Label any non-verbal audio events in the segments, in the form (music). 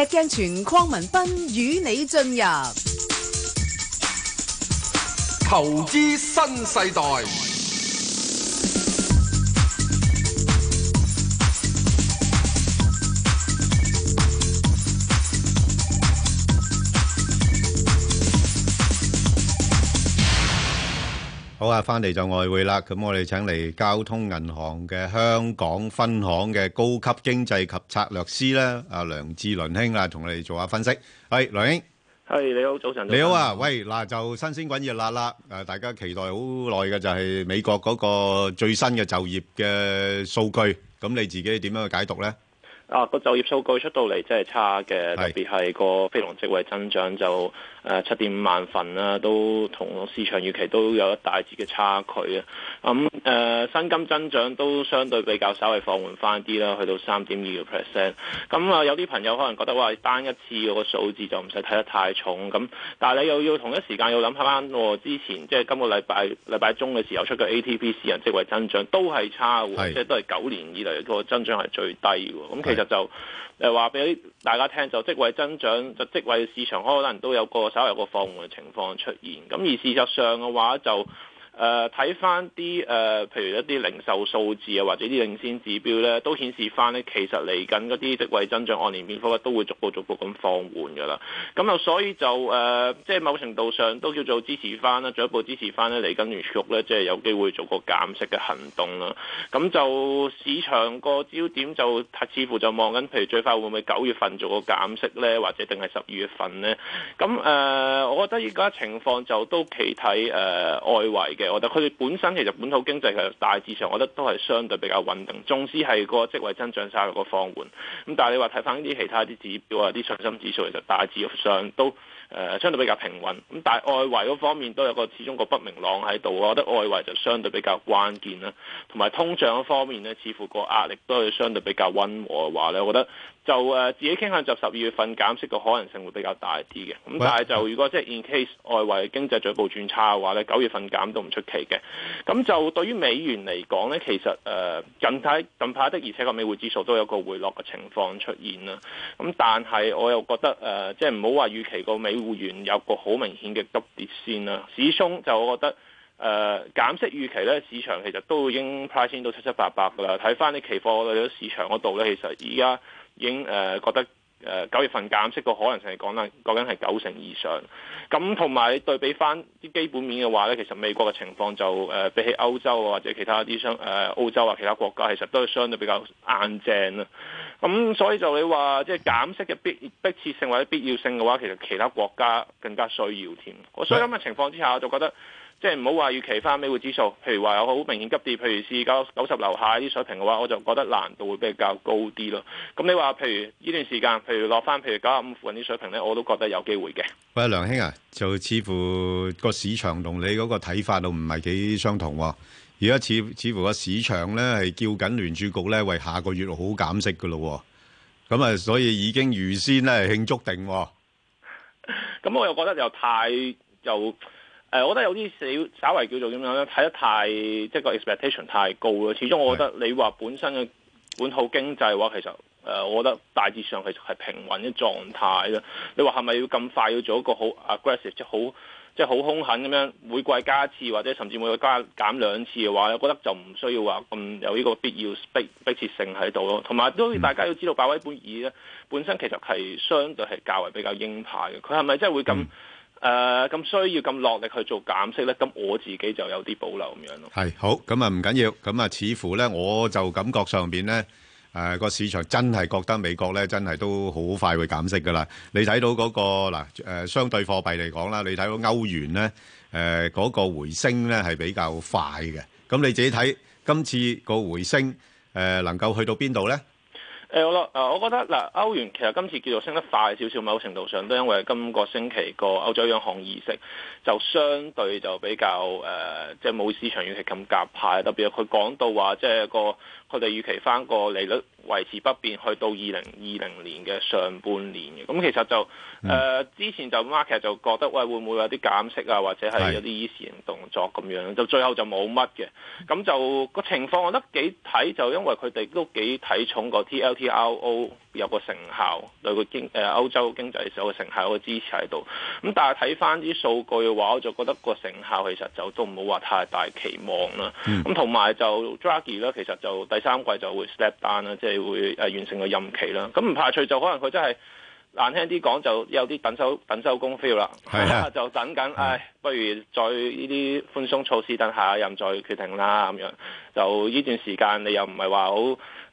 石鏡泉鄺文斌與你進入投資新世代。好啊，翻嚟就外匯啦。咁我哋請嚟交通銀行嘅香港分行嘅高級經濟及策略師咧，阿梁志麟兄啊，同我哋做下分析。係梁兄，係你好，早晨。你好啊，喂，嗱就新鮮滾熱辣啦。誒，大家期待好耐嘅就係美國嗰個最新嘅就業嘅數據。咁你自己點樣去解讀咧？啊，個就業數據出到嚟真係差嘅，特別係個非農職位增長就。誒七點五萬份啦、啊，都同市場預期都有一大截嘅差距啊！咁誒薪金增長都相對比較稍微放緩翻啲啦，去到三點二個 percent。咁啊、嗯呃，有啲朋友可能覺得話單一次個數字就唔使睇得太重咁、嗯，但係你又要同一時間要諗下翻我之前即係今個禮拜禮拜中嘅時候出嘅 ATP 市人職位增長都係差喎，是即係都係九年以嚟、嗰個增長係最低喎。咁、嗯、其實就誒話俾大家聽，就職位增長就職位市場可能都有個，稍有個放緩嘅情況出現咁，而事實上嘅話就。誒睇翻啲誒，譬如一啲零售數字啊，或者啲領先指標咧，都顯示翻呢。其實嚟緊嗰啲職位增長按年變幅咧，都會逐步逐步咁放緩㗎啦。咁啊，所以就誒、呃，即係某程度上都叫做支持翻啦，進一步支持翻呢。嚟緊聯儲咧，即係有機會做個減息嘅行動啦。咁就市場個焦點就似乎就望緊，譬如最快會唔會九月份做個減息咧，或者定係十二月份咧？咁誒、呃，我覺得依家情況就都企睇誒外圍嘅。我覺得佢哋本身其實本土經濟其實大致上，我覺得都係相對比較穩定。縱使係個職位增長晒入個放緩。咁但係你話睇翻啲其他啲指標啊、啲信心指數，其實大致上都。誒相對比較平穩，咁但係外圍嗰方面都有個始終個不明朗喺度，我覺得外圍就相對比較關鍵啦。同埋通脹嗰方面呢，似乎個壓力都係相對比較溫和嘅話呢，我覺得就誒自己傾向就十二月份減息嘅可能性會比較大啲嘅。咁但係就如果即係 in case 外圍經濟進一步轉差嘅話呢，九月份減都唔出奇嘅。咁就對於美元嚟講呢，其實誒近排近排的而且確美匯指數都有個回落嘅情況出現啦。咁但係我又覺得誒即係唔好話預期個美匯源有個好明顯嘅急跌先啦，始終就我覺得誒減息預期咧，市場其實都已經 pricing 到七七八八噶啦。睇翻啲期貨喺市場嗰度咧，其實而家已經誒覺得誒九月份減息嘅可能性係講緊講緊係九成以上。咁同埋對比翻啲基本面嘅話咧，其實美國嘅情況就誒比起歐洲或者其他啲商，誒歐洲或者其他國家，其實都係相對比較硬淨啦。咁、嗯、所以就你話即係減息嘅必迫切性或者必要性嘅話，其實其他國家更加需要添。我所以咁嘅情況之下，我就覺得即係唔好話預期翻美匯指數，譬如話有好明顯急跌，譬如四九九十樓下啲水平嘅話，我就覺得難度會比較高啲咯。咁你話譬如呢段時間，譬如落翻譬如九十五附近啲水平咧，我都覺得有機會嘅。喂，梁兄啊，就似乎個市場同你嗰個睇法都唔係幾相同喎。而家似似乎個市場咧係叫緊聯署局聯儲局咧為下個月好好減息㗎喇，咁啊，所以已經預先咧慶祝定，咁、嗯、我又覺得又太又誒、呃，我覺得有啲少稍微叫做點樣咧，睇得太，太即係個 expectation 太高啦。始終我覺得你話本身嘅本土經濟嘅話，其實誒、呃，我覺得大致上其實係平穩嘅狀態嘅。你話係咪要咁快要做一個好 aggressive 即係好？即係好兇狠咁樣，每季加一次，或者甚至每季加減兩次嘅話，我覺得就唔需要話咁有呢個必要逼迫，迫，迫切性喺度咯。同埋都大家要知道，鮑威爾咧本身其實係相對係較為比較鷹派嘅。佢係咪真係會咁誒咁需要咁落力去做減息咧？咁我自己就有啲保留咁樣咯。係好咁啊，唔緊要咁啊，似乎咧我就感覺上邊咧。誒個市場真係覺得美國咧，真係都好快會減息噶啦。你睇到嗰個嗱誒相對貨幣嚟講啦，你睇到歐元咧誒嗰個回升咧係比較快嘅。咁你自己睇今次個回升誒能夠去到邊度咧？誒我咯，誒我覺得嗱歐元其實今次叫做升得快少少，某程度上都因為今個星期個歐洲央行議息就相對就比較誒，即係冇市場預期咁鷹派，特別係佢講到話即係個。佢哋預期翻個利率維持不變，去到二零二零年嘅上半年嘅。咁其實就誒、呃、之前就 market 就覺得，喂會唔會有啲減息啊，或者係有啲 easing 型動作咁樣？就最後就冇乜嘅。咁就個情況，我覺得幾睇就因為佢哋都幾睇重個 TLTRO 有個成效，對個經誒歐、呃、洲經濟有個成效，有個支持喺度。咁但係睇翻啲數據嘅話，我就覺得個成效其實就都唔好話太大期望啦。咁同埋就 Draghi 咧，其實就第三季就會 step down 啦，即係會完成個任期啦。咁唔排除就可能佢真係難聽啲講，輕輕就有啲等收等收工 feel 啦。係的啊，就等緊。誒，不如再呢啲寬鬆措施等下一任再決定啦。咁樣就呢段時間，你又唔係話好，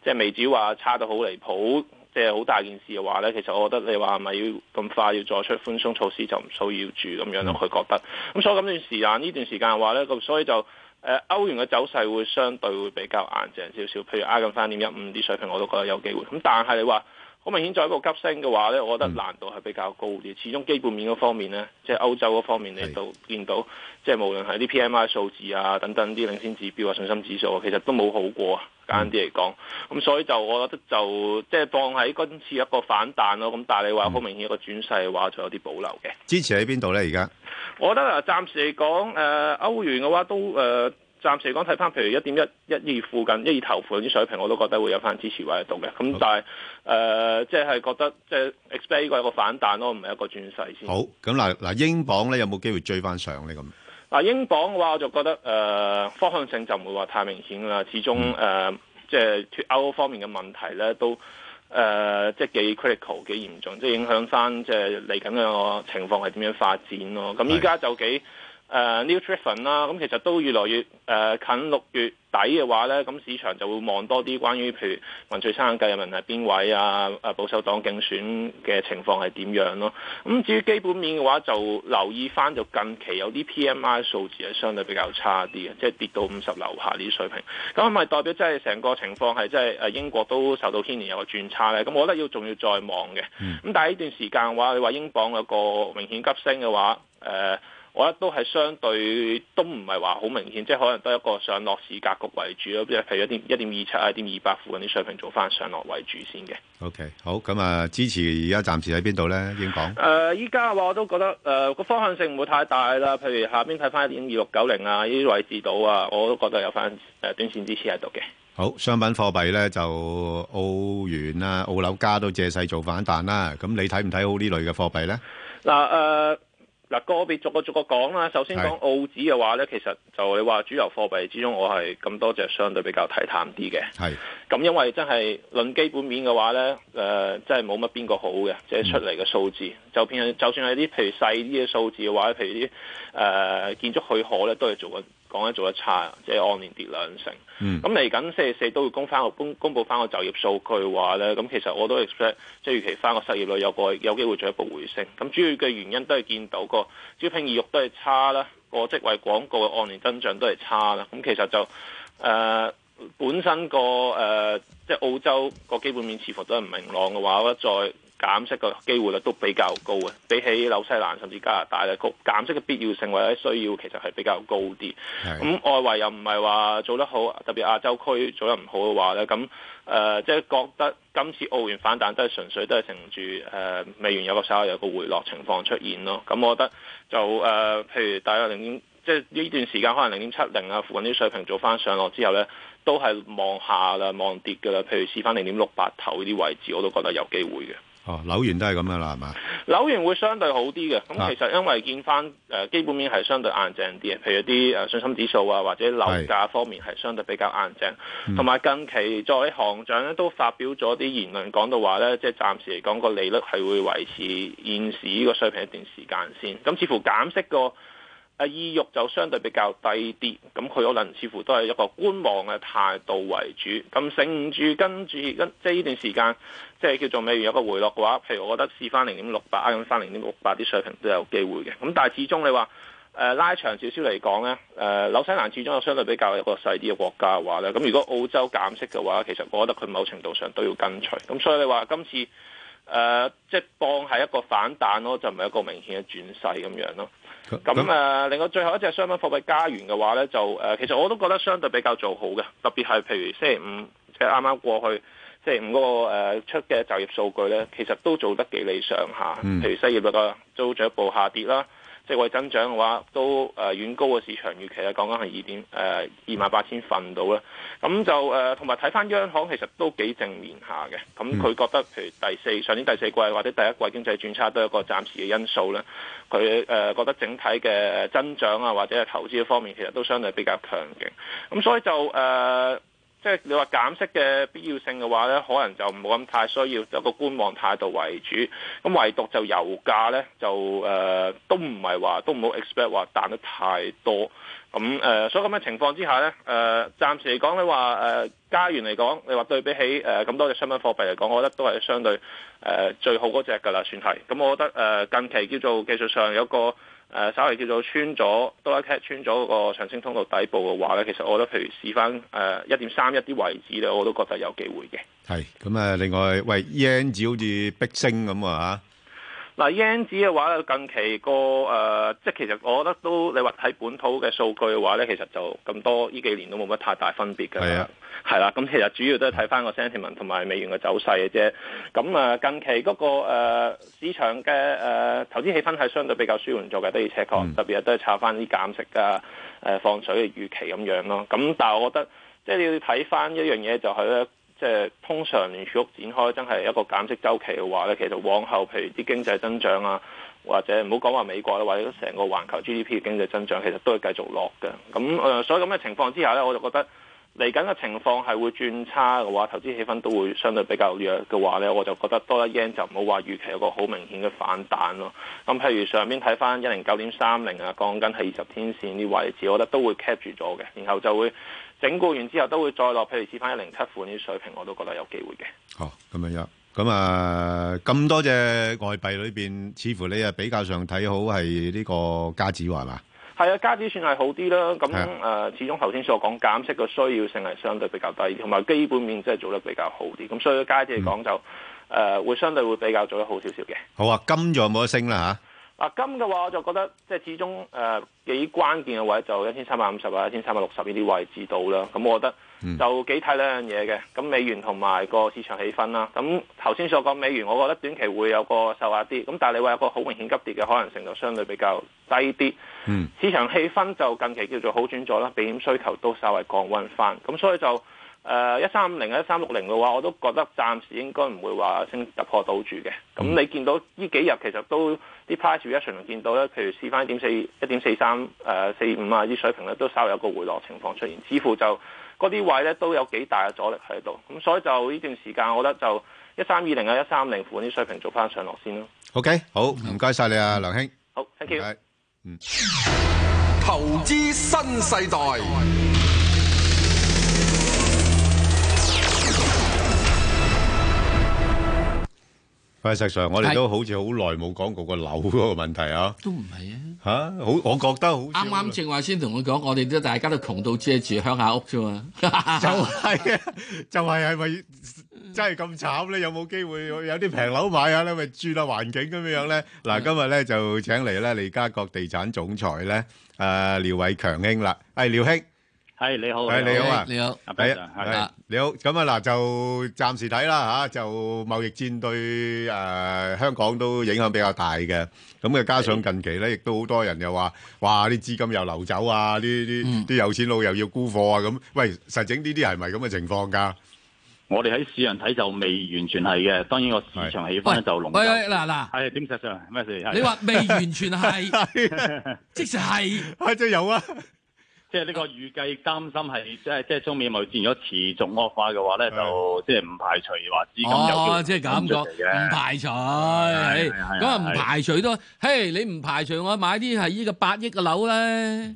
即係未至於話差到好離譜，即係好大件事嘅話咧。其實我覺得你話係咪要咁快要作出寬鬆措施就，就唔需要住咁樣咯。佢、嗯、覺得咁所以咁段時間，呢段時間話咧，咁所以就。誒，歐元嘅走勢會相對會比較硬淨少少，譬如挨近翻一點一五啲水平，我都覺得有機會。咁但係你話好明顯再一個急升嘅話咧，我覺得難度係比較高啲。始終基本面嗰方面咧，即係歐洲嗰方面你都見到是即係無論係啲 PMI 數字啊，等等啲領先指標啊、信心指數啊，其實都冇好過簡單啲嚟講。咁、嗯、所以就我覺得就即係當喺今次一個反彈咯。咁但係你話好明顯一個轉勢嘅話，就有啲保留嘅。支持喺邊度咧？而家？我覺得啊，暫時嚟講、呃，歐元嘅話都誒、呃，暫時嚟講睇翻，譬如一點一、一二附近、一二頭款啲水平，我都覺得會有翻支持位喺度嘅。咁但係好、呃、即係覺得即係 expect 呢個係一個反彈咯，唔係一個轉勢先。好。咁嗱嗱，英鎊咧有冇機會追翻上呢？咁嗱，英鎊嘅話，我就覺得誒、呃、方向性就唔會話太明顯啦。始終誒、嗯呃，即係脫歐方面嘅問題咧都。誒、呃，即係幾 critical，幾嚴重，即係影響翻，即係嚟緊嘅情況係點樣發展咯？咁依家就幾。誒、uh, New Triffin 啦，咁其實都越來越誒、呃、近六月底嘅話咧，咁市場就會望多啲關於譬如文翠珊繼任係邊位啊，保守黨競選嘅情況係點樣咯、啊？咁至於基本面嘅話，就留意返就近期有啲 PMI 數字係相對比較差啲嘅，即、就、係、是、跌到五十樓下呢啲水平，咁係咪代表即係成個情況係即係英國都受到牽連有個轉差咧。咁我覺得要仲要再望嘅。咁、嗯、但係呢段時間嘅話，你話英鎊有個明顯急升嘅話，誒、呃。我覺得都係相對都唔係話好明顯，即係可能都係一個上落市格局為主咯，即係譬如一點一點二七啊、點二八附近啲水平做翻上落為主先嘅。O、okay, K，好咁啊，支持而家暫時喺邊度咧？應講誒，依家嘅話我都覺得誒個、呃、方向性唔會太大啦。譬如下邊睇翻一點二六九零啊，呢啲位置度啊，我都覺得有翻誒、呃、短線支持喺度嘅。好，商品貨幣咧就澳元啊、澳紐加都借勢做反彈啦。咁你睇唔睇好呢類嘅貨幣咧？嗱誒、呃。呃嗱，個別逐個逐個講啦。首先講澳紙嘅話咧，是其實就你話主流貨幣之中，我係咁多隻相對比較睇淡啲嘅。係是，咁因為真係論基本面嘅話咧，誒、呃，真係冇乜邊個好嘅，即係出嚟嘅數字。嗯、就變相，就算係啲譬如細啲嘅數字嘅話，譬如啲誒、呃、建築許可咧，都係做緊。講咧做得差，即係按年跌兩成。咁嚟緊四月四都會公翻個公公佈翻個就業數據話咧，咁其實我都 expect 即係預期翻個失業率有個有機會進一步回升。咁主要嘅原因都係見到個招聘意欲都係差啦，個職位廣告嘅按年增長都係差啦。咁其實就誒、呃、本身個誒、呃、即係澳洲個基本面似乎都係唔明朗嘅話，我覺得再。減息嘅機會率都比較高嘅，比起紐西蘭甚至加拿大咧，減息嘅必要性或者需要其實係比較高啲。咁的、嗯、外圍又唔係話做得好，特別亞洲區做得唔好嘅話呢，咁即、呃就是、覺得今次澳元反彈都係純粹都係乘住、呃、美元有個稍有個回落情況出現咯。咁、嗯、我覺得就、呃、譬如大約零點即係呢段時間可能零點七零啊附近啲水平做翻上落之後呢，都係望下啦，望跌㗎啦。譬如試翻零點六八頭呢啲位置，我都覺得有機會嘅。哦，樓源都係咁樣啦，係嘛？樓源會相對好啲嘅，咁、啊、其實因為見翻基本面係相對硬淨啲嘅，譬如啲信心指數啊，或者樓價方面係相對比較硬淨，同埋是近期作為行長咧都發表咗啲言論，講到話咧，即、就、係、是、暫時嚟講個利率係會維持現時呢個水平一段時間先，咁似乎減息個。誒意欲就相對比較低啲，咁佢可能似乎都係一個觀望嘅態度為主。咁醒住跟住跟，即係呢段時間，即係叫做美元有個回落嘅話，譬如我覺得試翻零點六八，咁啱翻零點六八啲水平都有機會嘅。咁但係始終你話、呃、拉長少少嚟講咧，誒、呃、紐西蘭始終係相對比較一個細啲嘅國家嘅話咧，咁如果澳洲減息嘅話，其實我覺得佢某程度上都要跟隨。咁所以你話今次。誒、呃，即係當係一個反彈咯，就唔係一個明顯嘅轉勢咁樣咯。咁誒那那、呃，另外最後一隻商品貨幣加元嘅話咧，就誒、呃，其實我都覺得相對比較做好嘅，特別係譬如星期五，即係啱啱過去星期五嗰、那個、呃、出嘅就業數據咧，其實都做得幾理想嚇。譬如失業率嗰個進一步下跌啦。即係為增長嘅話，都誒遠、呃、高嘅市場預期啦。講緊係二點誒二萬八千份到啦。咁、呃、就誒同埋睇返央行，其實都幾正面下嘅。咁佢覺得，譬如第四上年第四季或者第一季經濟轉差都係一個暫時嘅因素啦。佢誒、呃、覺得整體嘅增長啊或者係投資嘅方面，其實都相對比較強勁。咁所以就誒、呃即係你話減息嘅必要性嘅話咧，可能就唔冇咁太需要，就一個觀望態度為主。咁唯獨就油價咧，就誒、呃、都唔係話都唔好 expect 話彈得太多。咁誒、呃，所以咁嘅情況之下咧，誒、呃、暫時嚟講你話誒加元嚟講，你話對比起誒咁、呃、多嘅商品貨幣嚟講，我覺得都係相對誒、呃、最好嗰隻㗎啦，算係。咁我覺得誒、呃、近期叫做技術上有一個。誒、呃，稍微叫做穿咗多啦，cap 穿咗個上升通道底部嘅話咧，其實我覺得譬如試翻誒一點三一啲位置咧，我都覺得有機會嘅。係咁誒，另外，喂，E N 子好似逼升咁啊嚇！嗱，yen 紙嘅話咧，近期個誒，即係、呃、其實我覺得都你話睇本土嘅數據嘅話咧，其實就咁多呢幾年都冇乜太大分別嘅。係啊，係啦，咁其實主要都係睇翻個 sentiment 同埋美元嘅走勢嘅啫。咁啊，近期嗰、嗰個、呃、市場嘅誒、呃、投資氣氛係相對比較舒緩咗嘅，的而且確，嗯、特別係都係炒翻啲減息啊、呃、放水嘅預期咁樣咯。咁但係我覺得，即係你要睇翻一樣嘢就係、係、咧。即係通常連續展開真係一個減息周期嘅話咧，其實往後譬如啲經濟增長啊，或者唔好講話美國啦，或者成個環球 GDP 嘅經濟增長，其實都會繼續落嘅。咁誒，所以咁嘅情況之下咧，我就覺得嚟緊嘅情況係會轉差嘅話，投資氣氛都會相對比較弱嘅話咧，我就覺得多一驚就唔好話預期有個好明顯嘅反彈咯。咁譬如上面睇翻一零九點三零啊，降緊係二十天線啲位置，我覺得都會 cap 住咗嘅，然後就會。整固完之後都會再落，譬如似翻一零七款啲水平，我都覺得有機會嘅。好，咁樣，咁啊，咁多隻外幣裏邊，似乎你啊比較上睇好係呢個加紙係嘛？係啊，加紙算係好啲啦。咁，誒、啊呃，始終頭先所講減息嘅需要性係相對比較低，同埋基本面真係做得比較好啲。咁所以加紙嚟講就誒、嗯，呃，會相對會比較做得好少少嘅。好啊，金仲有冇得升啦吓？啊啊，金嘅話我就覺得即係始終誒、呃、幾關鍵嘅位置就一千三百五十或者一千三百六十呢啲位置度啦。咁我覺得就幾睇兩樣嘢嘅。咁美元同埋個市場氣氛啦。咁頭先所講美元，我覺得短期會有個受壓啲。咁但係你話有個好明顯急跌嘅可能性就相對比較低啲。嗯，市場氣氛就近期叫做好轉咗啦，避險需求都稍為降溫翻。咁所以就。誒一三五零，啊一三六零嘅話，我都覺得暫時應該唔會話升突破到住嘅。咁、嗯、你見到呢幾日其實都啲 price reaction 見到咧，譬如試翻一點四一點四三誒四五啊啲水平咧，都稍微有個回落情況出現。似乎就嗰啲位咧都有幾大嘅阻力喺度。咁所以就呢段時間，我覺得就一三二零，啊一三五零附近啲水平做翻上落先咯。OK，好唔該晒你啊，梁兄。好，thank you 謝謝。嗯，投資新世代。但係，實際上我哋都好似好耐冇講過個樓嗰個問題啊！都唔係啊嚇，好，我覺得好啱啱正話先同佢講，我哋都大家都窮到只係住鄉下屋啫嘛，就係啊，就係係咪真係咁慘咧？有冇機會有啲平樓買下啊？你咪轉下環境咁樣樣咧？嗱，今日咧就請嚟咧利嘉閣地產總裁咧，誒廖偉強兄啦，誒廖兄。係你好，係你好啊，你好，係啊，係啊，你好。咁啊嗱，就暫時睇啦吓，就貿易戰對誒香港都影響比較大嘅。咁啊，加上近期咧，亦都好多人又話，哇，啲資金又流走啊，啲啲啲有錢佬又要沽貨啊。咁，喂，實整呢啲係咪咁嘅情況噶？我哋喺市場睇就未完全係嘅，當然個市場氣氛咧就濃。喂，嗱嗱，係點實上咩事係？你話未完全係，即係係，即係有啊。即係呢個預計擔心係，即係即係中美貿易戰，如果持續惡化嘅話咧，就即係唔排除話資金又叫減咗唔排除。咁啊，唔排除都嘿，你唔排除我買啲係依個八億嘅樓咧。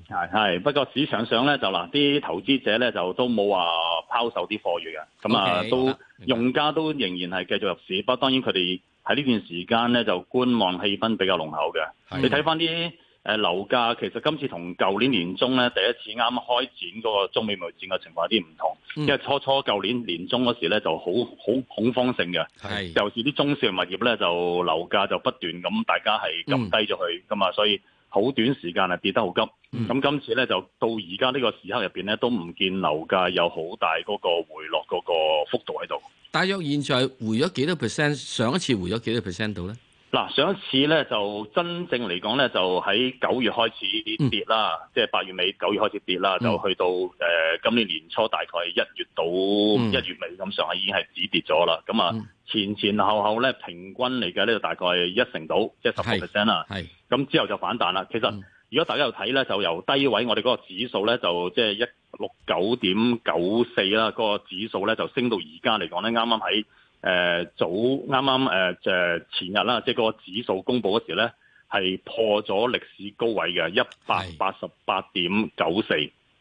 係係，不過市場上咧就嗱，啲投資者咧就都冇話拋售啲貨源嘅，咁啊都用家都仍然係繼續入市。不過當然佢哋喺呢段時間咧就觀望氣氛比較濃厚嘅。你睇翻啲。誒、呃、樓價其實今次同舊年年中咧第一次啱啱開展嗰個中美貿易戰嘅情況有啲唔同，嗯、因為初初舊年年中嗰時咧就好好恐慌性嘅，尤其是啲中小物業咧就樓價就不斷咁大家係撳低咗去咁啊，嗯、所以好短時間啊跌得好急。咁今、嗯、次咧就到而家呢個時刻入面咧都唔見樓價有好大嗰個回落嗰個幅度喺度。大約現在回咗幾多 percent？上一次回咗幾多 percent 到咧？嗱，上一次咧就真正嚟講咧，就喺九月開始跌啦，即係八月尾、九月開始跌啦，嗯、就去到誒、呃、今年年初大概一月到一、嗯、月尾咁上下已經係止跌咗啦。咁啊、嗯、前前後後咧平均嚟嘅呢度大概一成到，即係十個 percent 啊。係咁之後就反彈啦。其實、嗯、如果大家有睇咧，就由低位我哋嗰個指數咧就即係一六九點九四啦，嗰個指數咧就升到而家嚟講咧，啱啱喺。誒、呃，早啱啱誒，即前日啦，即係個指數公布嗰時咧，係破咗歷史高位嘅一百八十八點九四。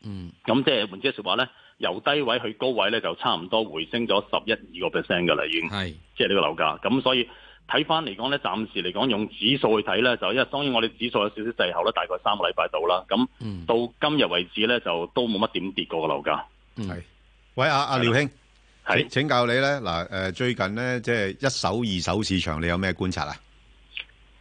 嗯，咁是即係換句說話咧，由低位去高位咧，就差唔多回升咗十一二個 percent 嘅啦，已經。係是，即係呢個樓價。咁所以睇翻嚟講咧，暫時嚟講用指數去睇咧，就因為當然我哋指數有少少滯後啦，大概三個禮拜到啦。咁到今日為止咧，嗯、就都冇乜點跌過個樓價。係，喂阿阿、啊、廖兄。係，請教你咧嗱，誒最近咧即係一手二手市場，你有咩觀察啊？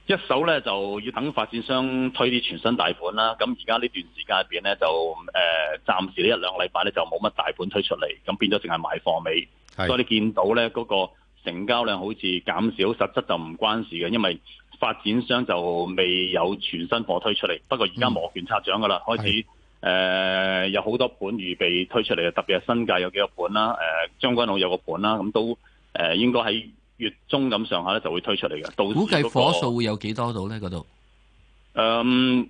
一手咧就要等發展商推啲全新大盤啦。咁而家呢段時間入邊咧，就、呃、誒暫時一兩個禮拜咧就冇乜大盤推出嚟，咁變咗淨係賣貨尾。是所以你見到咧嗰個成交量好似減少，實質就唔關事嘅，因為發展商就未有全新貨推出嚟。不過而家摩拳擦掌㗎喇，開始、嗯。誒、呃，有好多盤預備推出嚟嘅，特別係新界有幾個盤啦，誒將軍澳有個盤啦，咁都誒應該喺月中咁上下咧就會推出嚟嘅。到時、那個、估計火數會有幾多度咧？嗰度誒，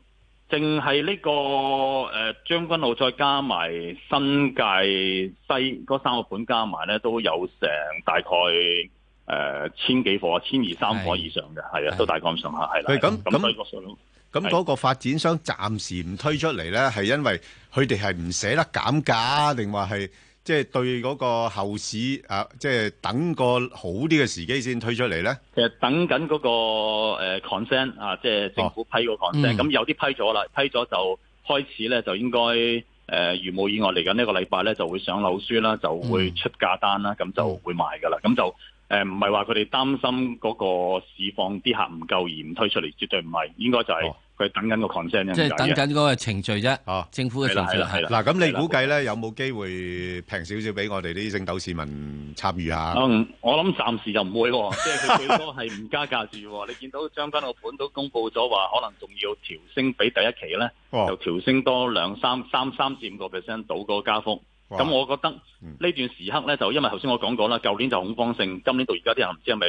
淨係呢個誒將軍澳，呃、再加埋新界西嗰三個盤加埋咧，都有成大概誒、呃、千幾火千二三火以上嘅，係啊是，都大概咁上下係啦。係咁咁。咁嗰個發展商暫時唔推出嚟咧，係因為佢哋係唔捨得減價，定話係即係對嗰個後市啊，即係等個好啲嘅時機先推出嚟咧？其實等緊嗰個誒 consent 啊，即係政府批個 consent。咁有啲批咗啦，批咗就開始咧，就應該誒如無意外嚟緊呢個禮拜咧就會上樓書啦，就會出價單啦，咁就會賣㗎喇，咁就。誒，唔係話佢哋擔心嗰個市況，啲客唔夠而唔推出嚟，絕對唔係，應該就係佢等緊個 concern、哦、即係等緊嗰個程序啫。哦，政府嘅程序啦，係啦。嗱，咁你估計咧的有冇機會平少少俾我哋啲正斗市民參與一下？嗯，我諗暫時就唔會。即係佢最多係唔加價住。 (laughs) 你見到將軍澳盤都公布咗話，可能仲要調升比第一期咧，哦、就調升多兩三三三至五個 percent 到嗰個加幅。咁，哇我覺得呢段時刻咧，就因為頭先我講過啦，舊年就恐慌性，今年到而家啲人唔知係咪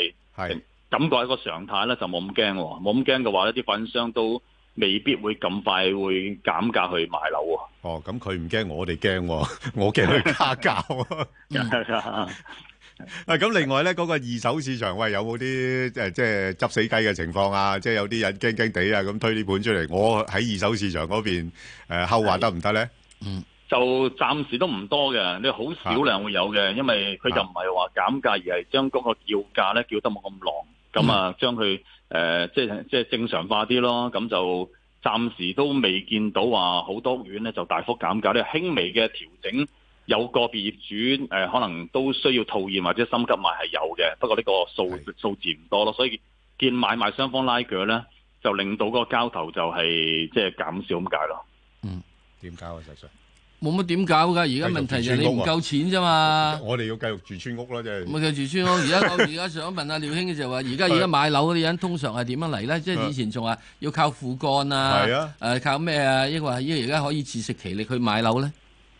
是感覺一個常態咧，就冇咁驚。冇咁驚嘅話咧，啲發展商都未必會咁快會減價去賣樓喎。哦，咁佢唔驚，我哋驚。我驚佢加價。係啊、 (laughs) (laughs) 嗯，咁另外咧，嗰、那個二手市場喂，有冇啲即係即係執死雞嘅情況啊？即、就、係、是、有啲人驚驚地啊，咁推啲盤出嚟。我喺二手市場嗰邊後後、呃、話得唔得咧？嗯。就暫時都唔多嘅，你好少量會有嘅，因為佢就唔係話減價，而係將嗰個叫價咧叫得冇咁狼。咁啊將佢誒、呃、即係即係正常化啲咯。咁就暫時都未見到話好多院咧就大幅減價，呢輕微嘅調整，有個別業主誒、呃、可能都需要套現或者心急賣係有嘅，不過呢個數的數字唔多咯，所以見買賣雙方拉鋸咧，就令到個交投就係、是、即係減少咁解咯。嗯，點解啊，石 s 冇乜點搞噶，而家問題就係你唔夠錢啫嘛、啊。我哋要繼續住村屋啦、啊，即、就、係、是。冇繼續住村屋？而家而家想問下廖兄嘅就係話，而家而家買樓嗰啲人通常係點樣嚟咧？ (laughs) 即係以前仲話要靠父幹啊，誒靠咩啊？抑、啊、或依家而家可以自食其力去買樓咧？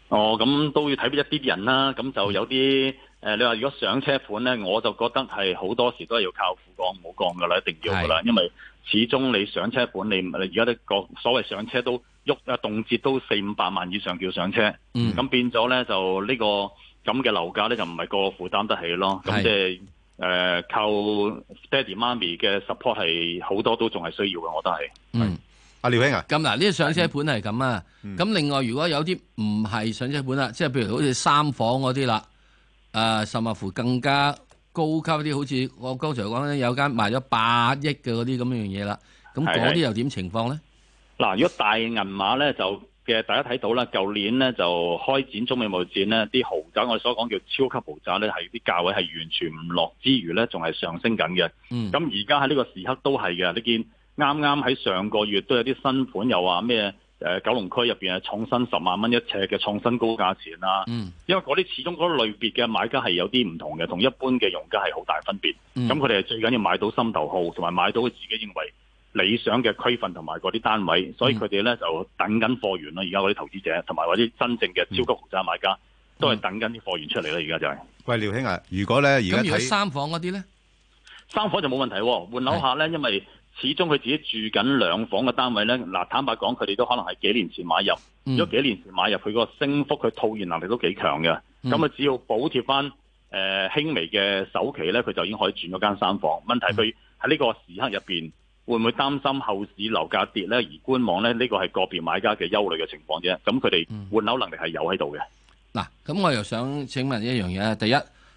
哦，咁都要睇一啲人啦。咁就有啲誒、呃，你話如果上車盤咧，我就覺得係好多時都係要靠父唔冇幹噶啦，一定要噶啦。是因為始終你上車盤，你唔係你而家都個所謂上車都。喐啊！動節都四五百萬以上叫上車，咁、嗯、變咗咧就呢、這個咁嘅樓價咧就唔係個個負擔得起咯。咁即係誒靠爹地媽咪嘅 support 係好多都仲係需要嘅，我覺得係。嗯，阿、啊、廖兄啊，咁嗱呢上車盤係咁啊，咁、嗯、另外如果有啲唔係上車盤啦，嗯、即係譬如好似三房嗰啲啦，誒、呃、甚或乎更加高級啲，好似我剛才講有間賣咗八億嘅嗰啲咁樣嘢啦，咁嗰啲又點情況咧？嗱，如果大銀碼咧就嘅，大家睇到啦，舊年咧就開展中美貿易戰咧，啲豪宅我哋所講叫超級豪宅咧，係啲價位係完全唔落之餘咧，仲係上升緊嘅。嗯，咁而家喺呢個時刻都係嘅，你見啱啱喺上個月都有啲新盤，又話咩、呃、九龍區入面係創新十萬蚊一尺嘅創新高價錢啦、啊。嗯，因為嗰啲始終嗰類別嘅買家係有啲唔同嘅，同一般嘅用家係好大分別。咁佢哋係最緊要買到心頭好，同埋買到佢自己認為。理想嘅區份同埋嗰啲單位，所以佢哋咧就等緊貨源咯。而家嗰啲投資者同埋或者真正嘅超級豪宅買家都係等緊啲貨源出嚟咯。而家就係、是，喂廖兄啊，如果咧而家睇三房嗰啲咧，三房就冇問題喎。換樓客咧，因為始終佢自己住緊兩房嘅單位咧，嗱的坦白講，佢哋都可能係幾年前買入，如果、嗯、幾年前買入佢個升幅，佢套現能力都幾強嘅。咁啊、嗯，只要補貼翻誒、呃、輕微嘅首期咧，佢就已經可以轉嗰間三房。問題佢喺呢個時刻入邊，會唔會擔心後市樓價跌咧？而觀望咧，呢個係個別買家嘅憂慮嘅情況啫。咁佢哋換樓能力係有喺度嘅。嗱、嗯，咁、嗯、我又想請問一樣嘢。第一，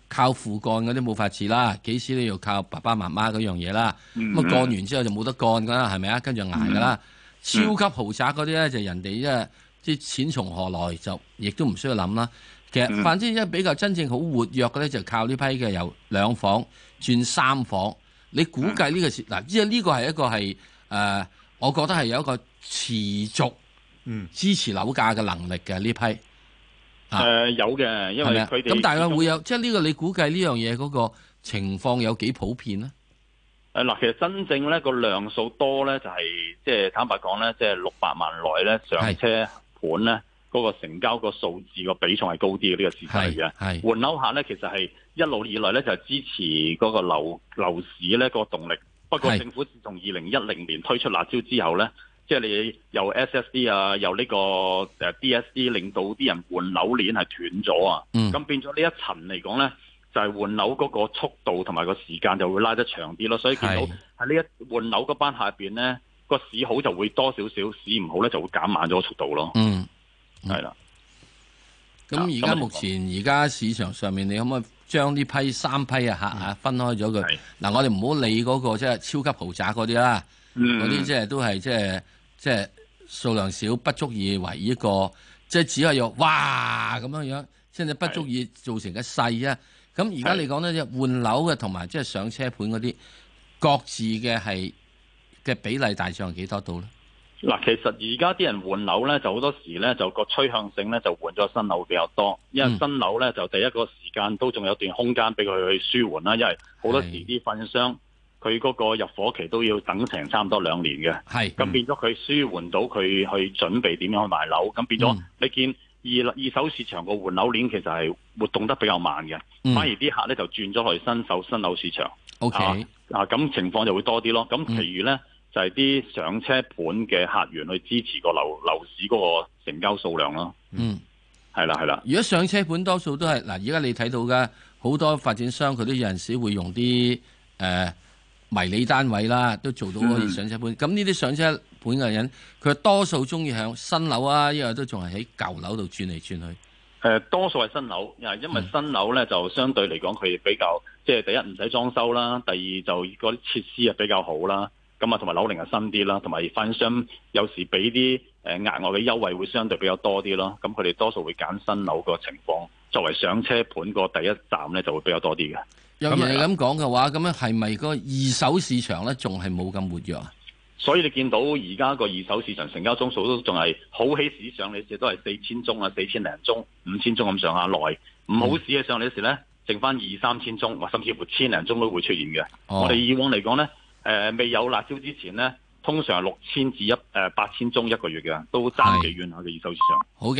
靠父幹嗰啲冇法子啦，幾時都要靠爸爸媽媽嗰樣嘢啦。咁啊、嗯、幹完之後就冇得幹噶啦，係咪啊？跟住捱噶啦。嗯嗯、超級豪宅嗰啲咧，就人哋即係即係錢從何來，就亦都唔需要諗啦。其實，反正即係比較真正好活躍嘅咧，就靠呢批嘅由兩房轉三房。你估計呢、呢個事嗱，即係呢個係一個係誒，我覺得係有一個持續支持樓價嘅能力嘅呢批。誒、嗯啊、有嘅，因為佢哋咁大家會有，即係呢個你估計呢樣嘢嗰個情況有幾普遍咧？誒嗱，其實真正咧個量數多咧、就係，就係即係坦白講咧，即係六百萬內咧上車盤咧。嗰個成交個數字個比重係高啲嘅，這個，呢個市場嚟嘅。換樓客咧其實係一路以來咧就係、是，支持嗰個樓，樓市咧個動力。不過政府自從二零一零年推出辣招之後咧，是即係你由 SSD 啊，由呢個誒 DSD 令到啲人換樓鏈係斷咗啊。咁、嗯、變咗呢一層嚟講咧，就係、是，換樓嗰個速度同埋個時間就會拉得長啲咯。所以見到喺呢一換樓嗰班下邊咧，個市好就會多少少，市唔好咧就會減慢咗個速度咯。嗯係啦，咁而家目前而家市場上面，你可唔可以將呢批三批啊客啊分開咗佢？嗱、嗯啊，我哋唔好理嗰、那個即係超級豪宅嗰啲啦，嗰啲、就是、即係都係即係即係數量少，不足以為一、這個，即係只係用哇咁樣樣，甚至不足以造成嘅細啊。咁而家你講呢，換樓即係換樓嘅同埋即係上車盤嗰啲，各自嘅係嘅比例大致係幾多度咧？嗱，其實而家啲人換樓咧，就好多時咧，就個趨向性咧，就換咗新樓比較多，因為新樓咧、嗯、就第一個時間都仲有段空間俾佢去舒緩啦，因為好多時啲分商佢嗰個入伙期都要等成差唔多兩年嘅，係咁、嗯、變咗佢舒緩到佢去準備點樣去買樓。咁變咗、嗯、你見二二手市場個換樓鏈其實係活動得比較慢嘅。嗯、反而啲客咧就轉咗去新手新樓市場，OK 啊咁、啊、情況就會多啲咯，咁其餘咧。嗯啊就係啲上車盤嘅客源去支持個樓樓市嗰個成交數量咯。嗯，係啦，係啦。如果上車盤多數都係嗱，而家你睇到嘅好多發展商佢都有陣時會用啲誒、呃、迷你單位啦，都做到可以上車盤。咁呢啲上車盤嘅人，佢多數鍾意向新樓啊，因為都仲係喺舊樓度轉嚟轉去。誒，多數係新樓，因為新樓咧就相對嚟講佢比較，即、就、係、是、第一唔使裝修啦，第二就嗰啲設施啊比較好啦。咁啊，同埋樓齡係新啲啦，同埋翻商有時俾啲誒額外嘅優惠會相對比較多啲咯。咁佢哋多數會揀新樓個情況作為上車盤個第一站咧，就會比較多啲嘅。咁你咁講嘅話，咁樣係咪個二手市場咧仲係冇咁活躍啊？所以你見到而家個二手市場成交宗數都仲係好起市，上嚟時都係四千宗啊，四千零宗、五千宗咁上下內，唔好市嘅，嗯、上嚟時咧，剩翻二三千宗，甚至乎千零宗都會出現嘅。哦、我哋以往嚟講咧。誒、呃、未有辣招之前咧，通常六千至一誒八千宗一個月嘅，都爭幾遠下嘅二手市場。好嘅。